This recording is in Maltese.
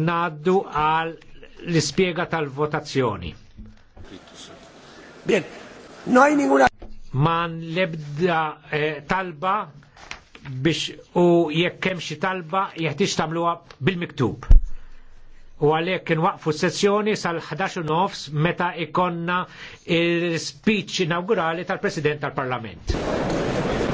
naddu għal l-ispiega tal-votazzjoni. Bien, noi ninguna. Man lebda eh, talba biex u jekk hemm xi talba jeħtieġ tagħmluha bil-miktub. U għalhekk inwaqfu s-sessjoni sal-11 nofs meta ikonna il-speech inaugurali tal-President tal-Parlament.